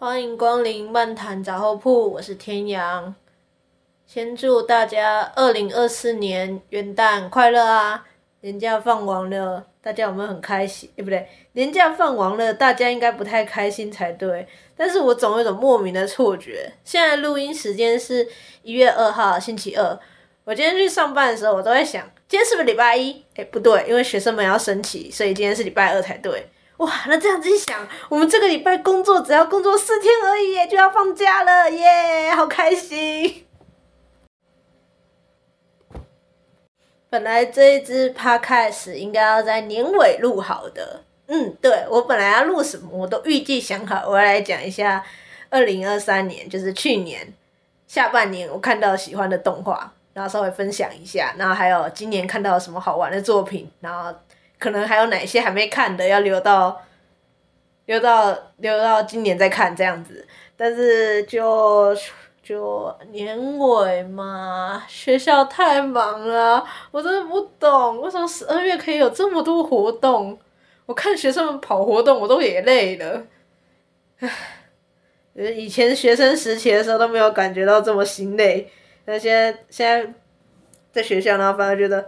歡迎光臨漫談雜貨鋪，我是天陽。先祝大家二零二四年元旦快樂啊！年假放完了，大家有沒有很開心？哎、欸，不對，年假放完了，大家應該不太開心才對。但是我總有一種莫名的錯覺，現在錄音時間是一月二號星期二。我今天去上班的時候，我都在想，今天是不是禮拜一？哎、欸，不對，因為學生們要升旗，所以今天是禮拜二才對。哇，那這樣子一想，我們這個禮拜工作只要工作四天而已，就要放假了耶，yeah, 好開心！本來這一支 podcast 應該要在年尾錄好的，嗯，對，我本來要錄什麼，我都預計想好，我要來講一下二零二三年，就是去年下半年我看到喜歡的動畫，然後稍微分享一下，然後還有今年看到什麼好玩的作品，然後。可能還有哪些還沒看的，要留到，留到留到今年再看這樣子。但是就就年尾嘛，學校太忙了，我真的不懂為什麼十二月可以有這麼多活動。我看學生們跑活動，我都也累了，唉，就是、以前學生時期的時候都沒有感覺到這麼心累，那現在現在，現在，在學校呢，反而覺得。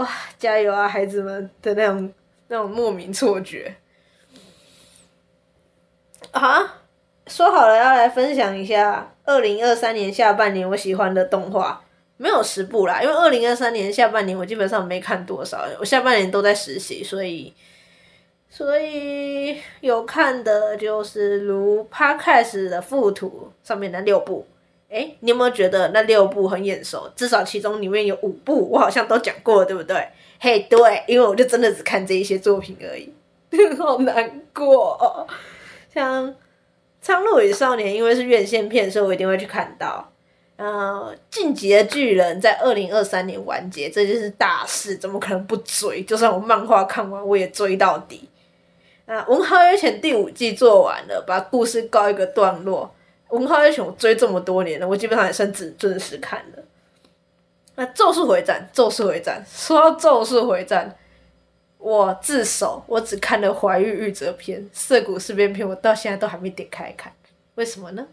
哇，加油啊，孩子們的那種那種莫名錯覺。啊，說好了要來分享一下二零二三年下半年我喜歡的動畫，沒有十部啦，因為二零二三年下半年我基本上沒看多少，我下半年都在實習，所以所以有看的就是如 Podcast 的附圖上面的六部。哎、欸，你有沒有覺得那六部很眼熟？至少其中裡面有五部，我好像都講過了，對不對？嘿、hey，對，因為我就真的只看這一些作品而已， 好難過、哦。像《蒼鷺與少年》，因為是院線片，所以我一定會去看到。呃，《晉級的巨人》在二零二三年完結，這就是大事，怎麼可能不追？就算我漫畫看完，我也追到底。啊，《文豪有犬》第五季做完了，把故事告一個段落。文豪野犬，我追這麼多年了，我基本上也算只準時看了。那、啊《咒術迴戰》，《咒術迴戰》說到《咒術迴戰》，我自首，我只看了懷玉玉折篇、澀谷事變篇，我到現在都還沒點開看，為什麼呢？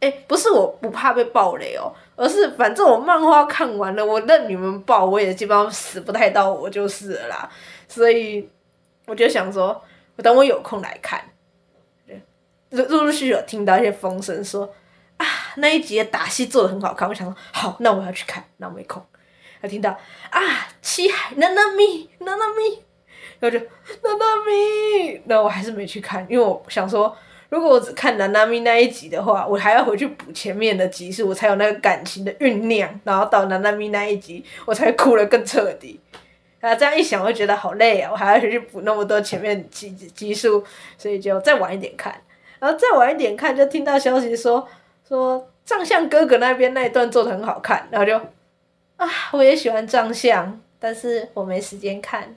哎、欸，不是我不怕被暴雷哦，而是反正我漫畫看完了，我任你們爆，我也基本上死不太到我就是了啦。所以我就想說，我等我有空來看。陸陸續續有聽到一些風聲，說啊那一集的打戲做的很好看，我想說好，那我要去看，然後沒空。他聽到啊七海娜娜咪娜娜咪，然後就娜娜咪，那我還是沒去看，因為我想說如果我只看娜娜咪那一集的話，我還要回去補前面的集數，我才有那個感情的醞釀，然後到娜娜咪那一集我才哭得更徹底。那這樣一想我就覺得好累啊，我還要回去補那麼多前面的集集數，所以就再晚一點看。然後再晚一點看，就聽到消息說說脹相哥哥那邊那一段做的很好看，然後就啊，我也喜歡脹相，但是我沒時間看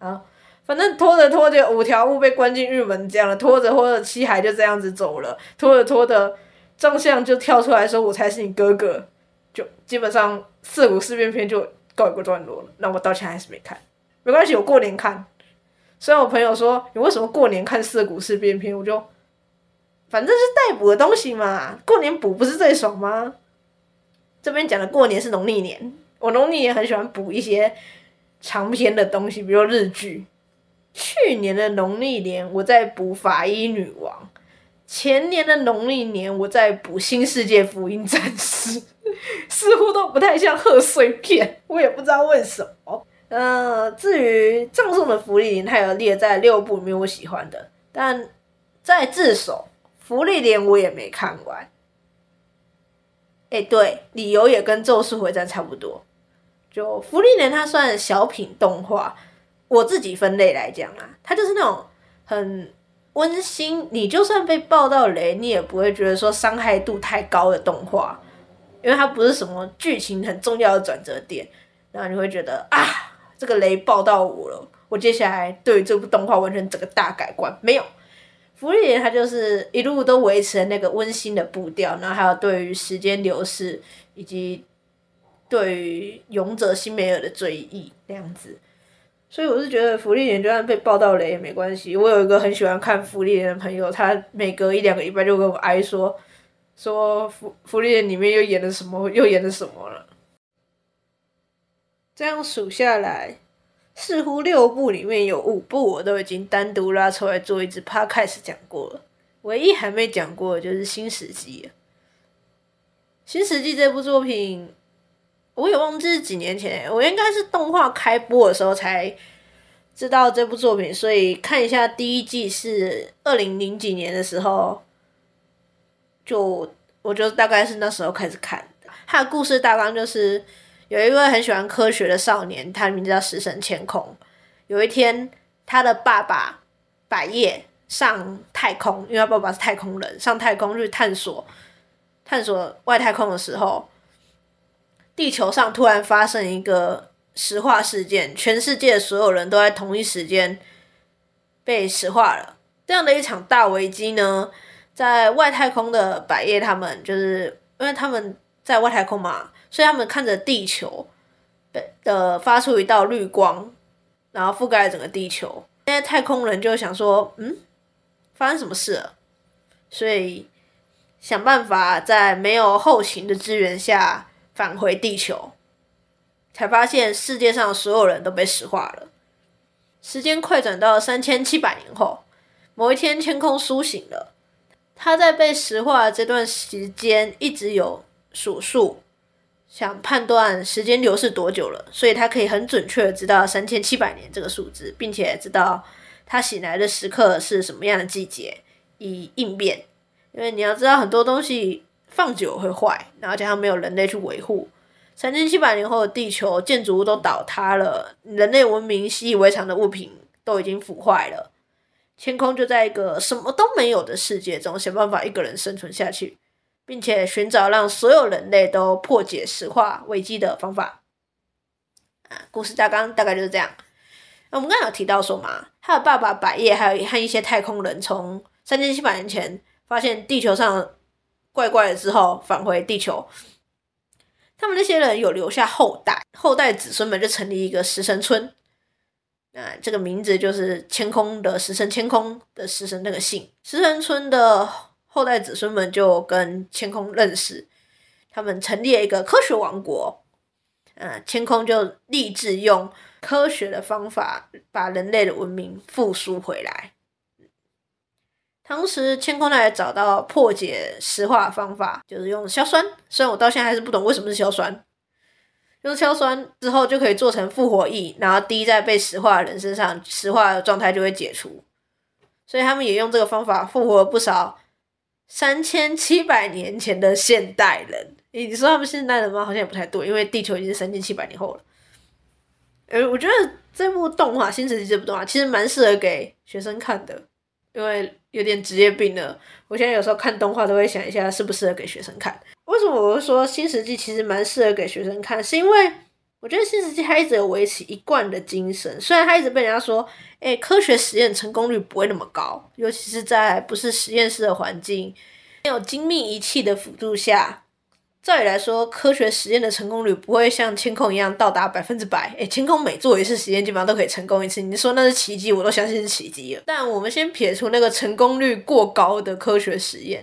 然後反正拖着拖着，這個、五條悟被關進獄門這樣了，拖着拖着，七海就這樣子走了，拖着拖着，脹相就跳出來說：“我才是你哥哥。就”就基本上《澀谷事變篇》就告一個段落了。那我到現在還是沒看，沒關係，我過年看。雖然我朋友說你為什麼過年看《澀谷事變篇》，我就。反正是代補的東西嘛，過年補不是最爽嗎？這邊講的過年是農曆年，我農曆年很喜歡補一些長篇的東西，比如日劇。去年的農曆年我在補《法醫女王》，前年的農曆年我在補《新世界福音戰士》，似乎都不太像賀歲片，我也不知道為什麼。嗯、呃，至於葬送的芙莉蓮，它有列在六部沒有我喜歡的，但在自首。芙莉蓮我也沒看完，哎、欸，對，理由也跟《咒術迴戰》差不多。就芙莉蓮它算小品動畫，我自己分類來講啊，它就是那種很溫馨，你就算被爆到雷，你也不會覺得說傷害度太高的動畫，因為它不是什麼劇情很重要的轉折點，然後你會覺得啊，這個雷爆到我了，我接下來對這部動畫完全整個大改觀沒有。《福利人》他就是一路都維持那個溫馨的步調，然後還有對於時間流逝以及對於勇者辛梅爾的追憶這樣子，所以我是覺得《福利人》就算被爆到雷也沒關係。我有一個很喜歡看《福利人》的朋友，他每隔一兩個禮拜就跟我挨說，說《福福利人》裡面又演了什麼，又演了什麼了。這樣數下來。似乎六部裡面有五部我都已經單獨拉出來做一支 podcast 講過了，唯一還沒講過的就是《新史記》。《新史記》這部作品，我也忘記是幾年前，我應該是動畫開播的時候才知道這部作品，所以看一下第一季是二零零幾年的時候，就我就大概是那時候開始看的。它的故事大綱就是。有一位很喜歡科學的少年，他名字叫石神千空。有一天，他的爸爸百夜上太空，因為他爸爸是太空人，上太空去探索探索外太空的時候，地球上突然發生一個石化事件，全世界的所有人都在同一時間被石化了。這樣的一場大危機呢，在外太空的百夜他們，就是因為他們在外太空嘛。所以他們看着地球，呃，發出一道綠光，然後覆蓋了整個地球。現在太空人就想說，嗯，發生什麼事了？所以想辦法在沒有後勤的支援下返回地球，才發現世界上所有人都被石化了。時間快轉到三千七百年後，某一天天空甦醒了。他在被石化的這段時間一直有數數。想判斷時間流逝多久了，所以他可以很準確的知道三千七百年這個數字，並且知道他醒來的時刻是什麼樣的季節，以應變。因為你要知道很多東西放久會壞，然後加上沒有人類去維護，三千七百年後的地球建築物都倒塌了，人類文明習以為常的物品都已經腐壞了，千空就在一個什麼都沒有的世界中，想辦法一個人生存下去。並且尋找讓所有人類都破解石化危機的方法啊！故事大綱大概就是這樣。那我們剛才有提到說嘛，他的爸爸百葉還有和一些太空人從三千七百年前發現地球上怪怪的之後返回地球，他們那些人有留下後代，後代子孫們就成立一個石神村。那、啊、這個名字就是千空的石神，千空的石神，那個姓石神村的。後代子孫們就跟千空認識，他們成立了一個科學王國。嗯，千空就立志用科學的方法把人類的文明復甦回來。同時，千空他也找到破解石化方法，就是用硝酸。雖然我到現在還是不懂為什麼是硝酸，用硝酸之後就可以做成復活液，然後滴在被石化的人身上，石化的狀態就會解除。所以他們也用這個方法復活了不少。三千七百年前的現代人，你說他們現代人嗎？好像也不太多，因為地球已經是三千七百年後了。呃、欸，我覺得這部動畫《新石紀》這部動畫其實蠻適合給學生看的，因為有點職業病呢。我現在有時候看動畫都會想一下適不適合給學生看。為什麼我說《新石紀》其實蠻適合給學生看？是因為。我覺得《新石紀》他一直有維持一貫的精神，雖然他一直被人家說，誒，科學實驗成功率不會那麼高，尤其是在不是實驗室的環境、沒有精密儀器的輔助下，照理來說，科學實驗的成功率不會像千空一樣到達百分之百。誒，千空每做一次實驗基本上都可以成功一次，你說那是奇蹟，我都相信是奇蹟了。但我們先撇除那個成功率過高的科學實驗，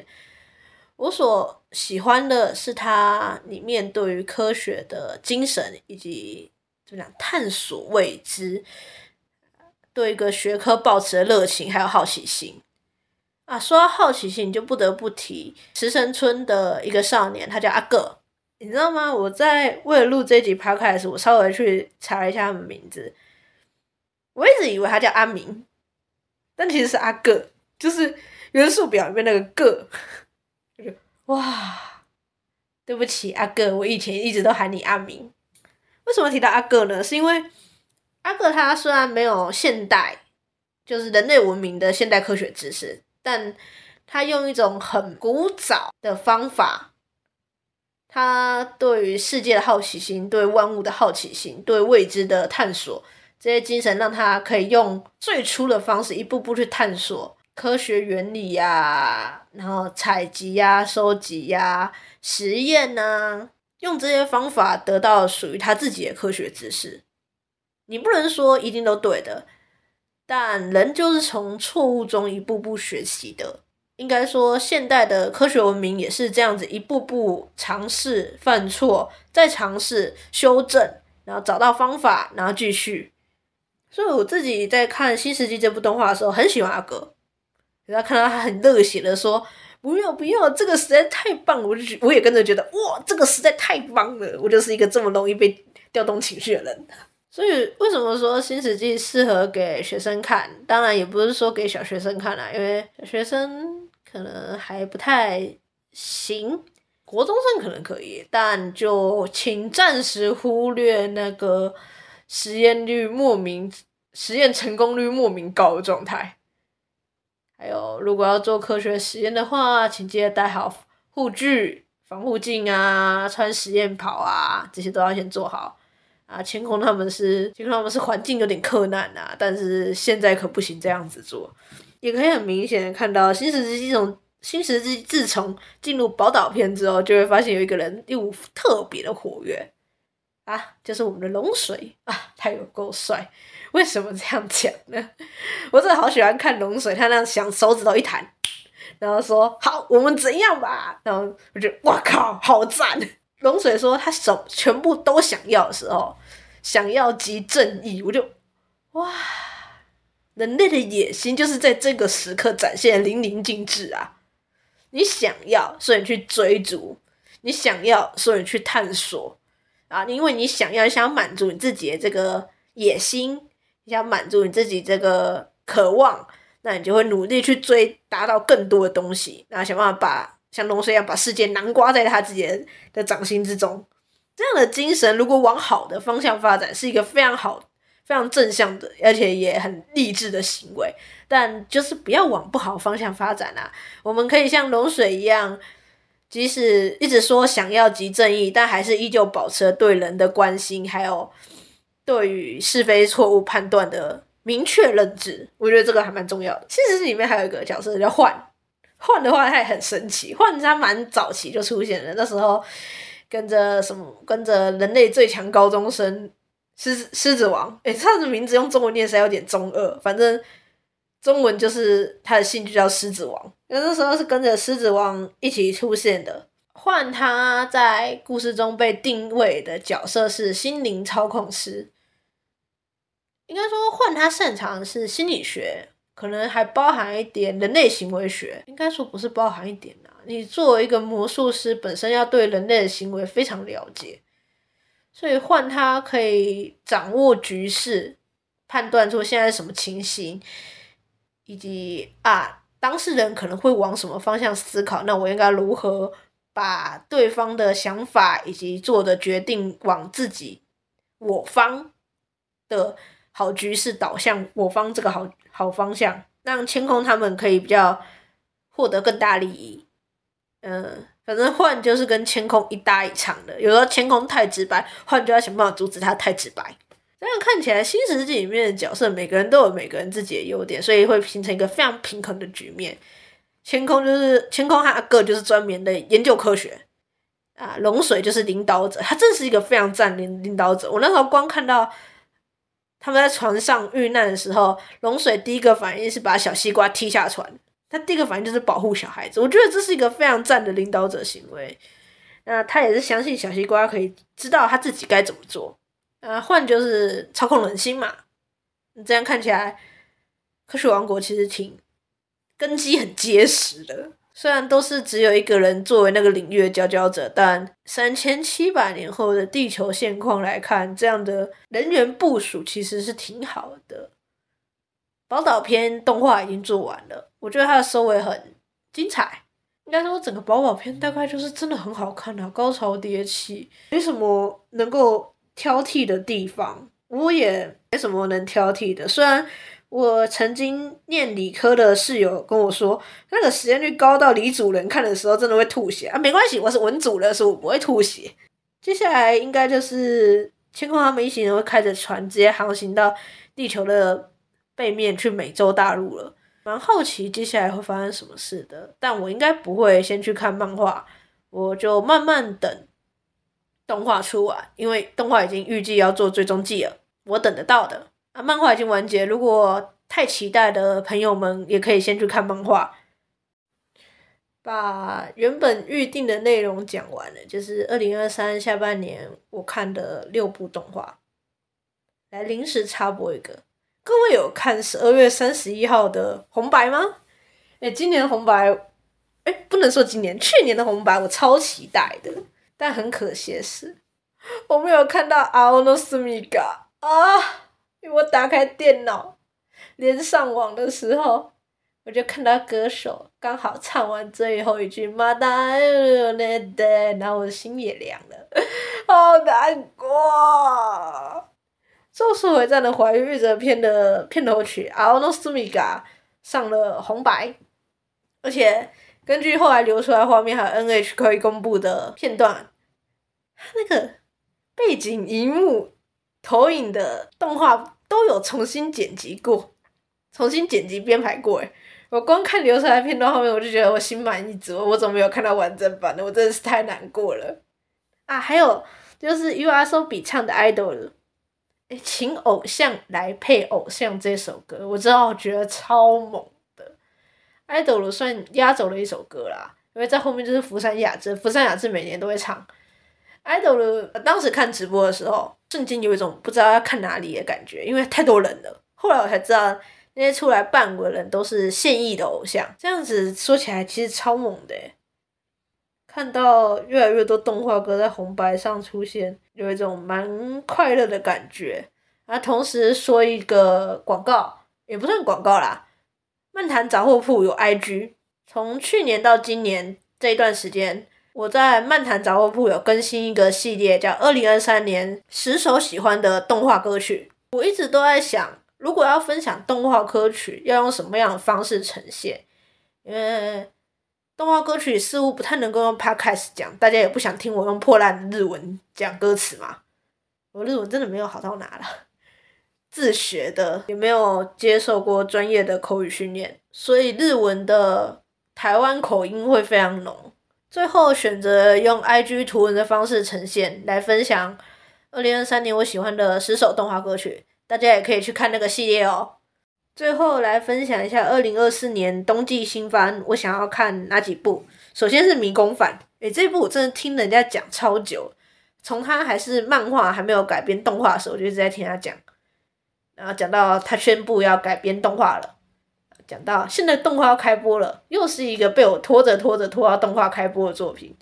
我所……喜歡的是他裡面對於科學的精神，以及怎麼講探索未知，對一個學科抱持的熱情還有好奇心。啊，說到好奇心，你就不得不提池神村的一個少年，他叫阿個，你知道嗎？我在為了錄這集 podcast 的時候，我稍微去查了一下他們名字。我一直以為他叫阿明，但其實是阿個，就是元素表裡面那個個。哇，對不起，阿哥，我以前一直都喊你阿明。為什麼提到阿哥呢？是因為阿哥他雖然沒有現代，就是人類文明的現代科學知識，但他用一種很古早的方法，他對於世界的好奇心，對萬物的好奇心，對未知的探索，這些精神讓他可以用最初的方式一步步去探索。科學原理呀、啊，然後採集呀、啊、收集呀、啊、實驗吶、啊，用這些方法得到屬於他自己的科學知識。你不能說一定都對的，但人就是從錯誤中一步步學習的。應該說，現代的科學文明也是這樣子，一步步嘗試犯錯，再嘗試修正，然後找到方法，然後繼續。所以，我自己在看《新石紀》這部動畫的時候，很喜歡阿哥。然後看到他很熱血的說，不要不要，這個實在太棒了，我就覺我也跟着覺得，哇，這個實在太棒了，我就是一個這麼容易被調動情緒的人。所以為什麼說《新世紀》適合給學生看？當然也不是說給小學生看啦、啊，因為小學生可能還不太行，國中生可能可以，但就請暫時忽略那個實驗率莫名、實驗成功率莫名高的狀態。還有，如果要做科學實驗的話，請記得帶好護具、防護鏡啊，穿實驗袍啊，這些都要先做好。啊，千空他們是，千空他們是環境有點困難啊，但是現在可不行這樣子做。也可以很明顯的看到，新石紀這種，新石紀自從進入寶島篇之後，就會發現有一個人又特別的活躍。啊，就是我們的龍水啊，他有夠帥。為什麼這樣講呢？我真的好喜歡看龍水，他那樣想，手指頭一彈，然後說：“好，我們怎樣吧？”然後我就，哇靠，好讚！龍水說他手全部都想要的時候，想要即正義，我就哇，人類的野心就是在這個時刻展現淋漓盡致啊！你想要，所以去追逐；你想要，所以去探索。啊，因為你想要想要滿足你自己的這個野心，你想要滿足你自己這個渴望，那你就會努力去追，達到更多的東西，然後想辦法把像龍水一樣把世界囊括在他自己的掌心之中。這樣的精神如果往好的方向發展，是一個非常好、非常正向的，而且也很勵志的行為。但就是不要往不好的方向發展啊！我們可以像龍水一樣。即使一直說想要集正義，但還是依舊保持對人的關心，還有對於是非錯誤判斷的明確認知。我覺得這個還蠻重要的。其實裡面還有一個角色叫幻，幻的話他也很神奇。幻它蠻早期就出現了，那時候跟着什麼，跟着人類最強高中生獅獅子王，誒、欸，他的名字用中文念起來有點中二，反正中文就是他的姓就叫獅子王。有的時候是跟着獅子王一起出現的。換他在故事中被定位的角色是心靈操控師，應該說換他擅長的是心理學，可能還包含一點人類行為學。應該說不是包含一點啦、啊。你作為一個魔術師，本身要對人類的行為非常了解，所以換他可以掌握局勢，判斷出現在什麼情形，以及啊。當事人可能會往什麼方向思考？那我應該如何把對方的想法以及做的決定，往自己我方的好局勢，導向我方這個好好方向，讓千空他們可以比較獲得更大利益。嗯、呃，反正換就是跟千空一搭一場的，有時候千空太直白，換就要想辦法阻止他太直白。這樣看起來，《新世界》裡面的角色每個人都有每個人自己的優點，所以會形成一個非常平衡的局面。千空就是千空，他哥就是專門的研究科學啊。龍水就是領導者，他真是一個非常讚領的領導者。我那時候光看到他們在船上遇難的時候，龍水第一個反應是把小西瓜踢下船，他第一個反應就是保護小孩子。我覺得這是一個非常讚的領導者行為。那他也是相信小西瓜可以知道他自己該怎麼做。啊，換就是操控人心嘛。你這樣看起來，科學王國其實挺根基很結實的。雖然都是只有一個人作為那個領域的佼佼者，但三千七百年後的地球現況來看，這樣的人員部署其實是挺好的。寶島篇動畫已經做完了，我覺得它的收尾很精彩。應該說整個寶島篇大概就是真的很好看啊，高潮迭起，沒什麼能夠。挑剔的地方，我也沒什麼能挑剔的。雖然我曾經念理科的室友跟我說，那個時間率高到理組人看的時候真的會吐血啊。沒關係，我是文組的，所以我不會吐血。接下來應該就是千空他們一行人會開着船直接航行到地球的背面去美洲大陸了，蠻好奇接下來會發生什麼事的，但我應該不會先去看漫畫，我就慢慢等。動畫出完，因為動畫已經預計要做最終季了，我等得到的。啊，漫畫已經完結，如果太期待的朋友們也可以先去看漫畫，把原本預定的內容講完了。就是二零二三下半年我看的六部動畫，來，臨時插播一個，各位有看十二月三十一號的紅白嗎？哎，今年的紅白，哎，不能說今年，去年的紅白我超期待的。但很可惜的是，我沒有看到《Ao no Sumika》啊！因為我打開電腦連上網的時候，我就看到歌手剛好唱完最後一句“媽達那達”，然後我的心也涼了，好難過、啊。《咒術迴戰》懷玉玉折篇的片頭曲《Ao no Sumika》上了紅白，而且。根據後來流出來畫面還有 NHK 公布的片段，它那個背景熒幕投影的動畫都有重新剪輯過，重新剪輯編排過。我光看流出來的片段後面，我就覺得我心滿意足。我怎麼沒有看到完整版的，我真的是太難過了。啊，還有就是 YOASOBI 唱的《Idol》，欸，請偶像來配偶像這首歌，我真的覺得超猛。Idol 算壓軸了一首歌啦，因為在後面就是福山雅治，福山雅治每年都會唱。Idol 當時看直播的時候，瞬間有一種不知道要看哪裡的感覺，因為太多人了。後來我才知道，那些出來伴舞的人都是現役的偶像，這樣子說起來其實超猛的耶。看到越來越多動畫歌在紅白上出現，有一種蠻快樂的感覺。而同時說一個廣告，也不算廣告啦。漫談雜貨鋪有 IG，從去年到今年這一段時間，我在漫談雜貨鋪有更新一個系列，叫《二零二三年十首喜歡的動畫歌曲》。我一直都在想，如果要分享動畫歌曲，要用什麼樣的方式呈現？因為動畫歌曲似乎不太能夠用 Podcast 講，大家也不想聽我用破爛的日文講歌詞嘛，我日文真的沒有好到哪了。自學的，也沒有接受過專業的口語訓練，所以日文的台灣口音會非常濃。最後選擇用 IG 圖文的方式呈現，來分享二零二三年我喜歡的十首動畫歌曲，大家也可以去看那個系列哦、喔。最後來分享一下二零二四年冬季新番，我想要看哪幾部？首先是迷宮飯《迷宮飯》。誒，這部我真的聽人家講超久，從他還是漫畫還沒有改編動畫的時候，我就一直在聽他講。然後講到他宣布要改編動畫了，講到現在動畫要開播了，又是一個被我拖着拖着拖到動畫開播的作品。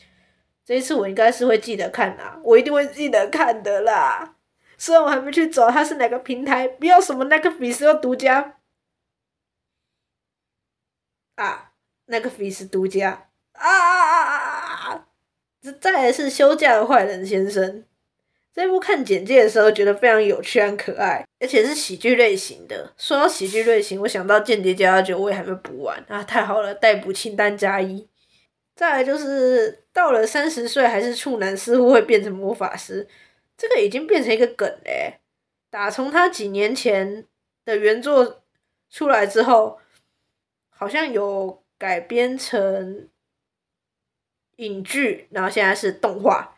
這一次我應該是會記得看啦、啊、我一定會記得看的啦。雖然我還沒去找它是哪個平台，不要什麼那個比斯要獨家。啊，那個比斯獨家，啊啊，啊，啊，啊，啊！這再來是休假的壞人先生。這部看簡介的時候覺得非常有趣，很可愛，而且是喜劇類型的。說到喜劇類型，我想到《間諜家家酒》我也還沒補完啊，太好了，待補清單加一。再來就是到了三十歲還是處男，似乎會變成魔法師。這個已經變成一個梗嘞。打從他幾年前的原作出來之後，好像有改編成影劇，然後現在是動畫，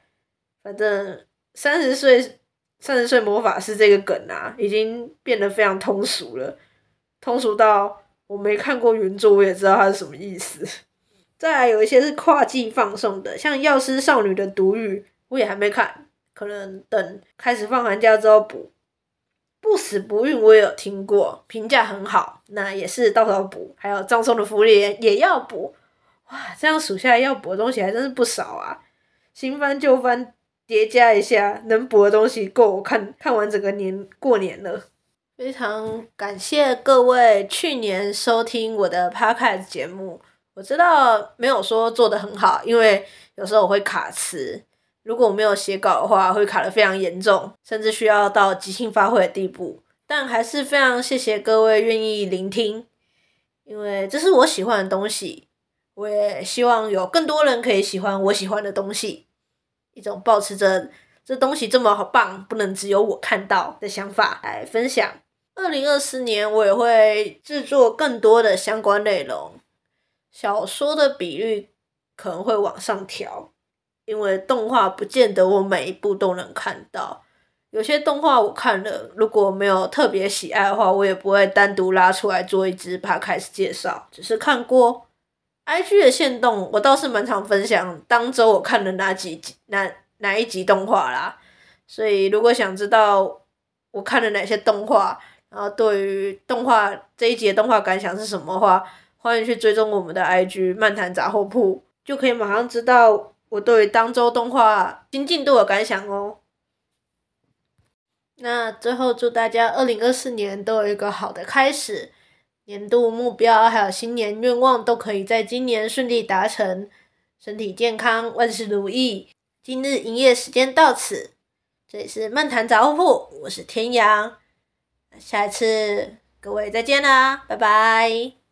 反正。三十歲，三十歲魔法師這個梗啊，已經變得非常通俗了，通俗到我沒看過原著我也知道它是什麼意思。再來有一些是跨季放送的，像《藥師少女的獨語》，我也還沒看，可能等開始放寒假之後補。不死不運我也有聽過，評價很好，那也是到時候補。還有葬送的福利也,也要補，哇，這樣數下來要補的東西還真是不少啊。新番舊番。疊加一下，能補的東西夠我看看完整個年過年了。非常感謝各位去年收聽我的 Podcast 節目。我知道沒有說做的很好，因為有時候我會卡詞，如果我沒有寫稿的話，會卡的非常嚴重，甚至需要到即興發揮的地步。但還是非常謝謝各位願意聆聽，因為這是我喜歡的東西，我也希望有更多人可以喜歡我喜歡的東西。一種抱持著，這東西這麼好棒，不能只有我看到的想法來分享。二零二四年我也會制作更多的相關內容，小說的比率可能會往上調，因為動畫不見得我每一部都能看到，有些動畫我看了，如果沒有特別喜愛的話，我也不會單獨拉出來做一支 Podcast 介紹，只是看過。IG 的限動，我倒是蠻常分享當周我看的那幾集、哪哪一集動畫啦。所以如果想知道我看了哪些動畫，然後對於動畫這一集的動畫感想是什麼的話，歡迎去追蹤我們的 IG 漫談雜貨鋪，就可以馬上知道我對於當周動畫新進度的感想哦、喔。那最後祝大家二零二四年都有一個好的開始。年度目標還有新年願望都可以在今年順利達成，身體健康，萬事如意。今日營業時間到此，這裡是漫談雜貨鋪，我是天陽，那下一次各位再見啦，拜拜。